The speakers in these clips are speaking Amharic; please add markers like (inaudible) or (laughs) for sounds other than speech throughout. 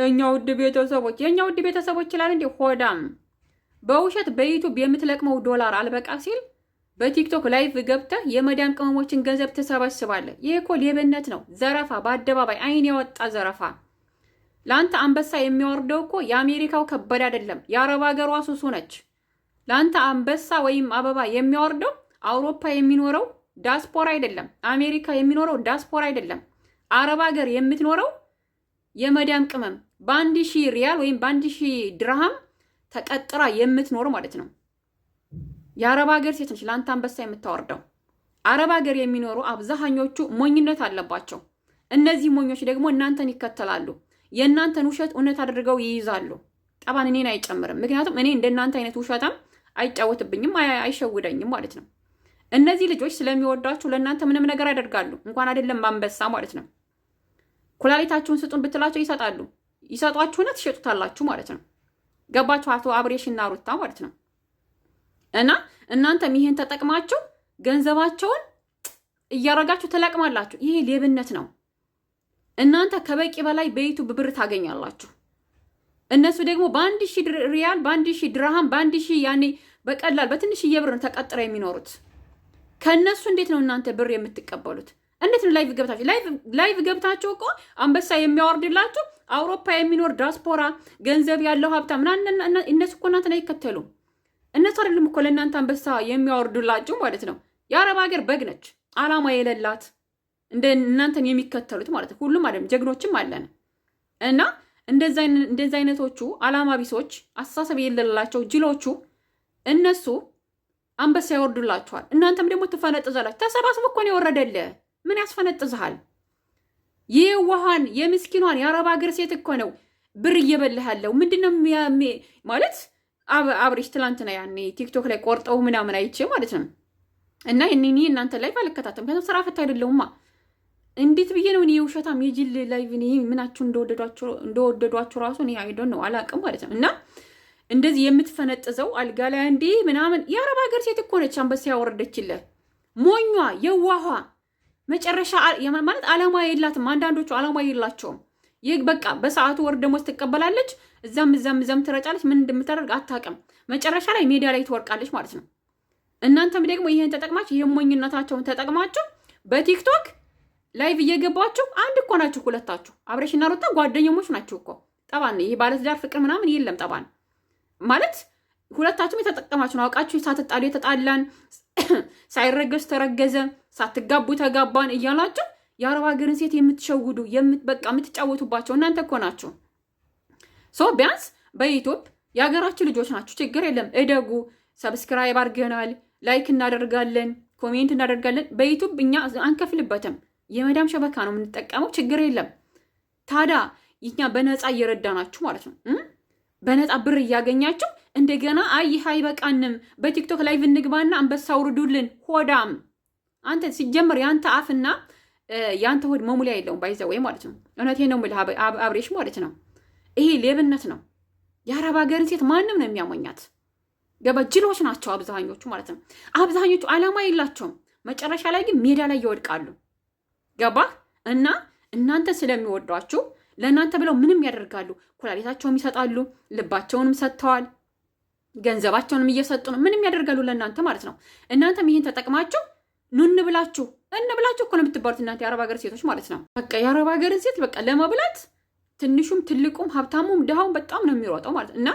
የኛ ውድ ቤተሰቦች የኛ ውድ ቤተሰቦች ይችላል እንዴ ሆዳም በውሸት በዩቱብ የምትለቅመው ዶላር አልበቃ ሲል በቲክቶክ ላይቭ ገብተህ የመዳም ቅመሞችን ገንዘብ ትሰበስባለህ። ይህ እኮ ሌብነት ነው፣ ዘረፋ፣ በአደባባይ አይን ያወጣ ዘረፋ። ለአንተ አንበሳ የሚያወርደው እኮ የአሜሪካው ከበድ አይደለም፣ የአረብ ሀገሯ ሱሱ ነች። ለአንተ አንበሳ ወይም አበባ የሚያወርደው አውሮፓ የሚኖረው ዳስፖራ አይደለም፣ አሜሪካ የሚኖረው ዳስፖራ አይደለም፣ አረብ ሀገር የምትኖረው የመዳም ቅመም በአንድ ሺህ ሪያል ወይም በአንድ ሺህ ድርሃም ተቀጥራ የምትኖር ማለት ነው። የአረብ ሀገር ሴት ነች ለአንተ አንበሳ የምታወርደው። አረብ ሀገር የሚኖሩ አብዛኞቹ ሞኝነት አለባቸው። እነዚህ ሞኞች ደግሞ እናንተን ይከተላሉ። የእናንተን ውሸት እውነት አድርገው ይይዛሉ። ጠባን እኔን አይጨምርም። ምክንያቱም እኔ እንደናንተ አይነት ውሸታም አይጫወትብኝም፣ አይሸውደኝም ማለት ነው። እነዚህ ልጆች ስለሚወዷችሁ ለእናንተ ምንም ነገር ያደርጋሉ። እንኳን አይደለም አንበሳ ማለት ነው። ኩላሊታችሁን ስጡን ብትላቸው ይሰጣሉ። ይሰጧችሁና ትሸጡታላችሁ ማለት ነው። ገባችሁ? አቶ አብሬሽ እና ሩታ ማለት ነው። እና እናንተም ይህን ተጠቅማችሁ ገንዘባቸውን እያረጋችሁ ትለቅማላችሁ። ይሄ ሌብነት ነው። እናንተ ከበቂ በላይ በዩቱብ ብር ታገኛላችሁ። እነሱ ደግሞ በአንድ ሺ ሪያል፣ በአንድ ሺ ድርሃም፣ በአንድ ሺ ያኔ በቀላል በትንሽዬ ብር ነው ተቀጥረው የሚኖሩት። ከእነሱ እንዴት ነው እናንተ ብር የምትቀበሉት? እንዴት ነው ላይቭ ገብታችሁ ላይቭ ገብታችሁ እኮ አንበሳ የሚያወርድላችሁ አውሮፓ የሚኖር ዲያስፖራ ገንዘብ ያለው ሀብታ ምናምን እነሱ እኮ እናንተን አይከተሉም። እነሱ አይደለም እኮ ለእናንተ አንበሳ የሚያወርዱላችሁ ማለት ነው። የአረብ ሀገር በግ ነች፣ አላማ የሌላት እንደ እናንተን የሚከተሉት ማለት ሁሉም አይደለም፣ ጀግኖችም አለን እና እንደዚ አይነቶቹ አላማ ቢሶች፣ አስተሳሰብ የሌላቸው ጅሎቹ እነሱ አንበሳ ያወርዱላችኋል። እናንተም ደግሞ ትፈነጥዛላችሁ። ተሰባስቦ እኮ ነው የወረደልህ ምን ያስፈነጥዝሃል? የዋሃን የምስኪኗን የአረብ ሀገር ሴት እኮ ነው ብር እየበልሃለው። ምንድነው ማለት አብሬሽ ትላንትና ያኔ ቲክቶክ ላይ ቆርጠው ምናምን አይቼ ማለት ነው። እና ይህንን እናንተ ላይፍ አልከታተም ከዛ ስራ ፈት አይደለሁማ። እንዴት ብዬ ነው እኔ ውሸታም የጅል ላይቭ እኔ ምናችሁ እንደወደዷችሁ ራሱ እኔ አይዶን ነው አላቅም ማለት ነው። እና እንደዚህ የምትፈነጥዘው አልጋ ላይ እንዴ ምናምን የአረብ ሀገር ሴት እኮ ነች አንበሳ ያወረደችልህ ሞኟ የዋኋ መጨረሻ ማለት አላማ የላትም። አንዳንዶቹ አላማ የላቸውም። ይህ በቃ በሰዓቱ ወር ደሞዝ ትቀበላለች፣ እዛም እዛም እዛም ትረጫለች። ምን እንደምታደርግ አታውቅም። መጨረሻ ላይ ሜዲያ ላይ ትወርቃለች ማለት ነው። እናንተም ደግሞ ይህን ተጠቅማችሁ ይህን ሞኝነታቸውን ተጠቅማችሁ በቲክቶክ ላይቭ እየገባችሁ አንድ እኮ ናችሁ ሁለታችሁ። አብረሽና ሩታ ጓደኛሞች ናችሁ እኮ ጠባን። ይህ ባለትዳር ፍቅር ምናምን የለም ጠባን ማለት ሁለታችሁም የተጠቀማችሁ ነው። አውቃችሁ ሳትጣሉ የተጣላን፣ ሳይረገዝ ተረገዘ፣ ሳትጋቡ ተጋባን እያላችሁ የአረብ ሀገርን ሴት የምትሸውዱ በቃ የምትጫወቱባቸው እናንተ እኮ ናችሁ። ሶ ቢያንስ በዩቱብ የሀገራችን ልጆች ናችሁ። ችግር የለም እደጉ። ሰብስክራይብ አድርገናል፣ ላይክ እናደርጋለን፣ ኮሜንት እናደርጋለን። በዩቱብ እኛ አንከፍልበትም። የመዳም ሸበካ ነው የምንጠቀመው። ችግር የለም። ታዲያ እኛ በነፃ እየረዳናችሁ ማለት ነው። በነፃ ብር እያገኛችሁ እንደገና አይ ይህ አይበቃንም፣ በቲክቶክ ላይ ብንግባና አንበሳ ውርዱልን። ሆዳም አንተ ሲጀመር ያንተ አፍና ያንተ ሆድ መሙሊያ የለውም። ባይዘ ወይ ማለት ነው። እውነቴ ነው የምልህ አብሬሽ ማለት ነው። ይሄ ሌብነት ነው። የአረብ ሀገርን ሴት ማንም ነው የሚያሞኛት። ገባ ጅሎች ናቸው አብዛኞቹ ማለት ነው። አብዛኞቹ አላማ የላቸውም። መጨረሻ ላይ ግን ሜዳ ላይ ይወድቃሉ። ገባ እና እናንተ ስለሚወዷችሁ ለእናንተ ብለው ምንም ያደርጋሉ። ኩላሊታቸውም ይሰጣሉ። ልባቸውንም ሰጥተዋል። ገንዘባቸውንም እየሰጡ ነው። ምንም ያደርጋሉ ለእናንተ ማለት ነው። እናንተም ይህን ተጠቅማችሁ ኑን ብላችሁ እን ብላችሁ እኮ ነው የምትባሉት እናንተ የአረብ ሀገር ሴቶች ማለት ነው። በቃ የአረብ ሀገርን ሴት በቃ ለመብላት ትንሹም ትልቁም ሀብታሙም ድሃውም በጣም ነው የሚሯጠው ማለት እና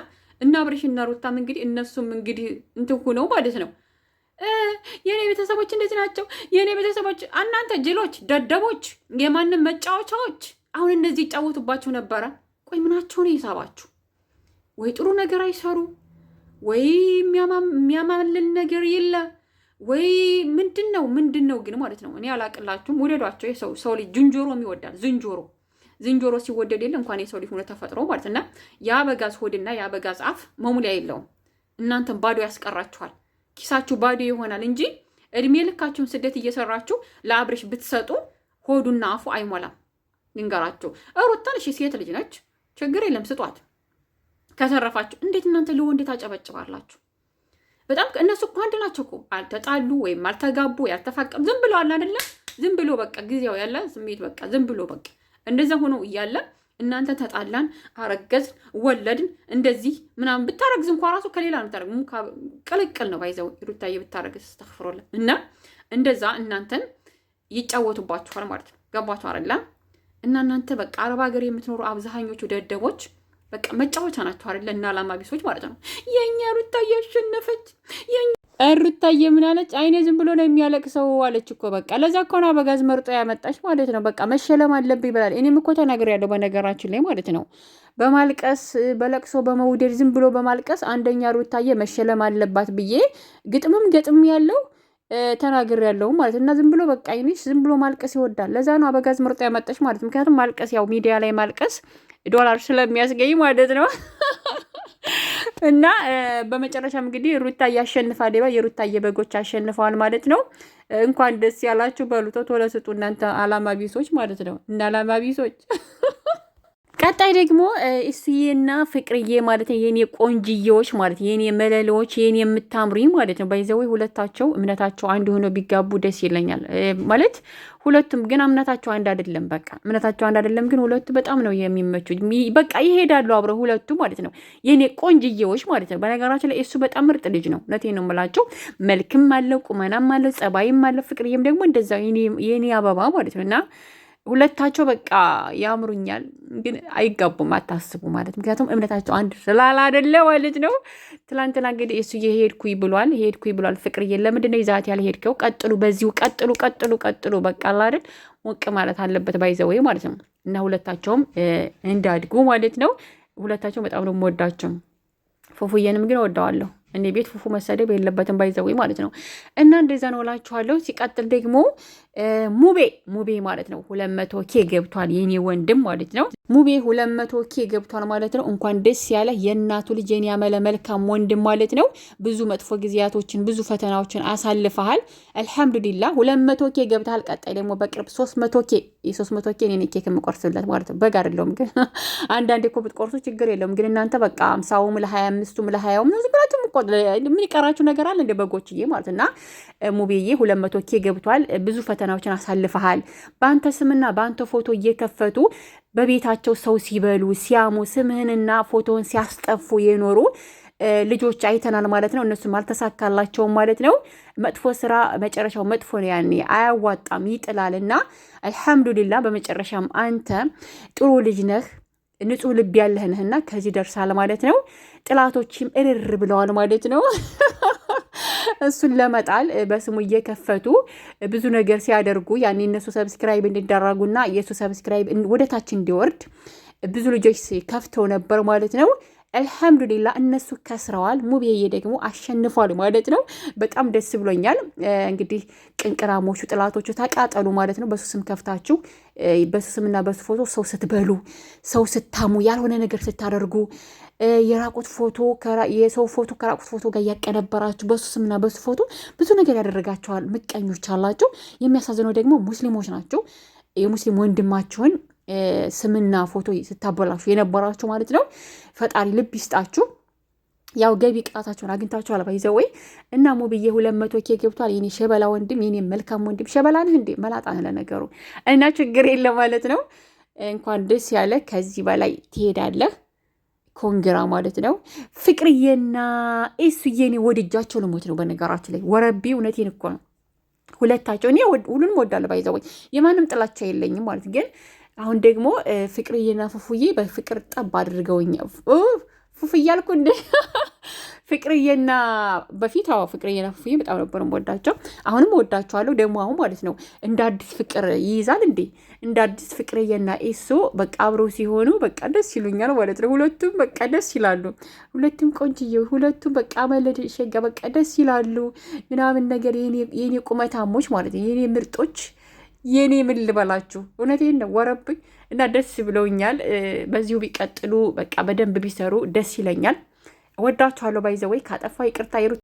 እና እና ሩታም እንግዲህ እነሱም እንግዲህ እንትን ሁነው ማለት ነው የእኔ ቤተሰቦች እንደዚህ ናቸው። የእኔ ቤተሰቦች እናንተ ጅሎች፣ ደደቦች፣ የማንም መጫወቻዎች አሁን እነዚህ ይጫወቱባችሁ ነበረ። ቆይ ምናቸው ነው የሳባችሁ? ወይ ጥሩ ነገር አይሰሩ ወይ የሚያማልል ነገር የለ ወይ ምንድን ነው ምንድን ነው ግን ማለት ነው። እኔ አላቅላችሁም። ውደዷቸው። የሰው ሰው ልጅ ዝንጀሮም ይወዳል። ዝንጀሮ ዝንጀሮ ሲወደድ የለ እንኳን የሰው ልጅ ሆነ ተፈጥሮ ማለት እና የአበጋዝ ሆድና የአበጋዝ አፍ መሙሊያ የለውም። እናንተም ባዶ ያስቀራችኋል። ኪሳችሁ ባዶ ይሆናል እንጂ እድሜ ልካችሁን ስደት እየሰራችሁ ለአብሬሽ ብትሰጡ ሆዱና አፉ አይሞላም። ልንገራችሁ፣ ሩታን እሺ፣ ሴት ልጅ ነች፣ ችግር የለም ስጧት። ከተረፋችሁ እንዴት እናንተ ለወንድ ታጨበጭባላችሁ? በጣም እነሱ እኮ አንድ ናቸው እኮ አልተጣሉ ወይም አልተጋቡ ያልተፋቀም ዝም ብለዋል አይደለ? ዝም ብሎ በቃ ጊዜው ያለ ስሜት በቃ ዝም ብሎ በቃ እንደዛ ሆኖ እያለ እናንተ ተጣላን፣ አረገዝን፣ ወለድን እንደዚህ ምናምን ብታረግዝ እንኳ ራሱ ከሌላ ነው ታረግ ቅልቅል ነው ባይዘው ሩታዬ ብታረግዝ ስተፍሮለ እና እንደዛ እናንተን ይጫወቱባችኋል ማለት ነው። ገባችሁ አይደለ? እና እናንተ በቃ አረብ ሀገር የምትኖሩ አብዛኞቹ ደደቦች በቃ መጫወቻ ናቸው አይደለ? እና አላማ ቢሶች ማለት ነው። የእኛ ሩታ አሸነፈች። ሩታዬ ምን አለች? አይኔ ዝም ብሎ ነው የሚያለቅሰው አለች እኮ በቃ። ለዛ እኮ ነው አበጋዝ መርጦ ያመጣች ማለት ነው። በቃ መሸለም አለብኝ ብላል። እኔም እኮ ያለው በነገራችን ላይ ማለት ነው። በማልቀስ በለቅሶ በመውደድ ዝም ብሎ በማልቀስ አንደኛ ሩታዬ መሸለም አለባት ብዬ ግጥምም ገጥም ያለው ተናግር ያለው ማለት እና ዝም ብሎ በቃ አይንሽ ዝም ብሎ ማልቀስ ይወዳል። ለዛ ነው አበጋዝ መርጦ ያመጣች ማለት ምክንያቱም ማልቀስ ያው ሚዲያ ላይ ማልቀስ ዶላር ስለሚያስገኝ ማለት ነው። እና በመጨረሻም እንግዲህ ሩታ እያሸንፋ ሌባ የሩታዬ በጎች አሸንፈዋል ማለት ነው። እንኳን ደስ ያላችሁ በሉቶ ቶሎ ስጡ እናንተ አላማ ቢሶች ማለት ነው እና አላማ ቢሶች ቀጣይ ደግሞ እሱዬና ፍቅርዬ ማለት ነው የኔ ቆንጅዬዎች ማለት የኔ መለለዎች የኔ የምታምሪ ማለት ነው። ባይዘዌ ሁለታቸው እምነታቸው አንድ ሆነው ቢጋቡ ደስ ይለኛል ማለት ሁለቱም ግን እምነታቸው አንድ አይደለም። በቃ እምነታቸው አንድ አይደለም፣ ግን ሁለቱ በጣም ነው የሚመቹ። በቃ ይሄዳሉ አብረው ሁለቱ ማለት ነው የኔ ቆንጅዬዎች ማለት ነው። በነገራችን ላይ እሱ በጣም ምርጥ ልጅ ነው። እውነቴን ነው የምላቸው። መልክም አለው፣ ቁመናም አለው፣ ጸባይም አለው። ፍቅርዬም ደግሞ እንደዛ የኔ አበባ ማለት ነው እና ሁለታቸው በቃ ያምሩኛል፣ ግን አይጋቡም። አታስቡ ማለት ምክንያቱም እምነታቸው አንድ ስላል አደለ ማለት ነው። ትላንትና እንግዲህ እሱ የሄድኩኝ ብሏል፣ ሄድኩኝ ብሏል። ፍቅርዬ ለምንድን ነው ይዛት ያልሄድከው? ቀጥሉ፣ በዚሁ ቀጥሉ፣ ቀጥሉ፣ ቀጥሉ። በቃ አላደል ሞቅ ማለት አለበት ባይዘወይ ማለት ነው። እና ሁለታቸውም እንዳድጉ ማለት ነው። ሁለታቸው በጣም ነው የምወዳቸው። ፉፉዬንም ግን እወደዋለሁ። እንደ ቤት ፉፉ መሰደብ የለበትም ባይዘዊ ማለት ነው። እና እንደዛ ነው እላችኋለሁ። ሲቀጥል ደግሞ ሙቤ ሙቤ ማለት ነው ሁለት መቶ ኬ ገብቷል የኔ ወንድም ማለት ነው። ሙቤ ሁለት መቶ ኬ ገብቷል ማለት ነው። እንኳን ደስ ያለ የእናቱ ልጅ የኔ ያመለ መልካም ወንድም ማለት ነው። ብዙ መጥፎ ጊዜያቶችን ብዙ ፈተናዎችን አሳልፈሃል። አልሐምዱሊላ ሁለት መቶ ኬ ገብተሃል። ቀጣይ ደግሞ በቅርብ ሶስት መቶ ኬ የሶስት መቶ ኬ እኔ ኬክ የምቆርስለት ማለት ነው። በግ አይደለሁም ግን (laughs) አንዳንዴ እኮ ብትቆርሱ ችግር የለውም ግን እናንተ በቃ አምሳውም ለሀያ አምስቱም ለሀያውም ነው ዝም ብላችሁ ምን ይቀራችሁ ነገር አለ እንደ በጎችዬ ማለት እና ሙቤዬ ሁለት መቶ ኬ ገብቷል። ብዙ ፈተናዎችን አሳልፈሃል። በአንተ ስምና በአንተ ፎቶ እየከፈቱ በቤታቸው ሰው ሲበሉ ሲያሙ ስምህንና ፎቶውን ሲያስጠፉ የኖሩ ልጆች አይተናል ማለት ነው። እነሱም አልተሳካላቸውም ማለት ነው። መጥፎ ስራ መጨረሻው መጥፎ ነው። ያኔ አያዋጣም ይጥላል እና አልሐምዱሊላ በመጨረሻም አንተ ጥሩ ልጅ ነህ። ንጹህ ልብ ያለህ ነህና ከዚህ ደርሳል ማለት ነው። ጥላቶችም እርር ብለዋል ማለት ነው። (laughs) እሱን ለመጣል በስሙ እየከፈቱ ብዙ ነገር ሲያደርጉ ያን እነሱ ሰብስክራይብ እንዲደረጉና የእሱ ሰብስክራይብ ወደታች እንዲወርድ ብዙ ልጆች ከፍተው ነበር ማለት ነው። አልሐምዱሊላ እነሱ ከስረዋል። ሙቤዬ ደግሞ አሸንፏል ማለት ነው። በጣም ደስ ብሎኛል። እንግዲህ ቅንቅራሞቹ ጥላቶቹ ተቃጠሉ ማለት ነው። በሱ ስም ከፍታችሁ በሱ ስምና በሱ ፎቶ ሰው ስትበሉ፣ ሰው ስታሙ፣ ያልሆነ ነገር ስታደርጉ የራቁት ፎቶ የሰው ፎቶ ከራቁት ፎቶ ጋር እያቀነበራችሁ በሱ ስምና በሱ ፎቶ ብዙ ነገር ያደረጋቸዋል ምቀኞች አላቸው። የሚያሳዝነው ደግሞ ሙስሊሞች ናቸው። የሙስሊም ወንድማችሁን ስምና ፎቶ ስታበላሹ የነበራችሁ ማለት ነው። ፈጣሪ ልብ ይስጣችሁ። ያው ገቢ ቅጣታቸውን አግኝታችኋል። ባይዘ ወይ እና ሙብዬ ሁለት መቶ ኬ ገብቷል። የኔ ሸበላ ወንድም፣ የኔ መልካም ወንድም። ሸበላ ነህ እንዴ? መላጣ ነህ ለነገሩ። እና ችግር የለ ማለት ነው። እንኳን ደስ ያለ። ከዚህ በላይ ትሄዳለህ። ኮንግራ ማለት ነው። ፍቅርዬና እሱዬ እኔ ወድጃቸው ልሞት ነው። በነገራችን ላይ ወረቤ እውነቴን እኮ ነው። ሁለታቸው እኔ ሁሉንም ወዳለ ባይዘወኝ የማንም ጥላቻ የለኝም ማለት ግን አሁን ደግሞ ፍቅርዬና ፉፉዬ በፍቅር ጠብ አድርገውኛ ፉፉዬ አልኩ እንደ (laughs) ፍቅርዬና በፊት አዎ፣ ፍቅርዬና ፉፉዬ በጣም ነበር ወዳቸው። አሁንም ወዳቸዋለሁ ደግሞ አሁን ማለት ነው። እንደ አዲስ ፍቅር ይይዛል እንዴ! እንደ አዲስ ፍቅርዬና ኤሶ በቃ አብረው ሲሆኑ በቃ ደስ ይሉኛል ማለት ነው። ሁለቱም በቃ ደስ ይላሉ። ሁለቱም ቆንጅዬ፣ ሁለቱም በቃ መለድ ሸጋ በቃ ደስ ይላሉ ምናምን ነገር የኔ ቁመታሞች ማለት ነው የኔ ምርጦች የኔ ምን ልበላችሁ፣ እውነቴን ነው ወረብኝ እና ደስ ብለውኛል። በዚሁ ቢቀጥሉ በቃ በደንብ ቢሰሩ ደስ ይለኛል። ወዳችኋለሁ። ባይዘወይ ካጠፋ ይቅርታ ይሩ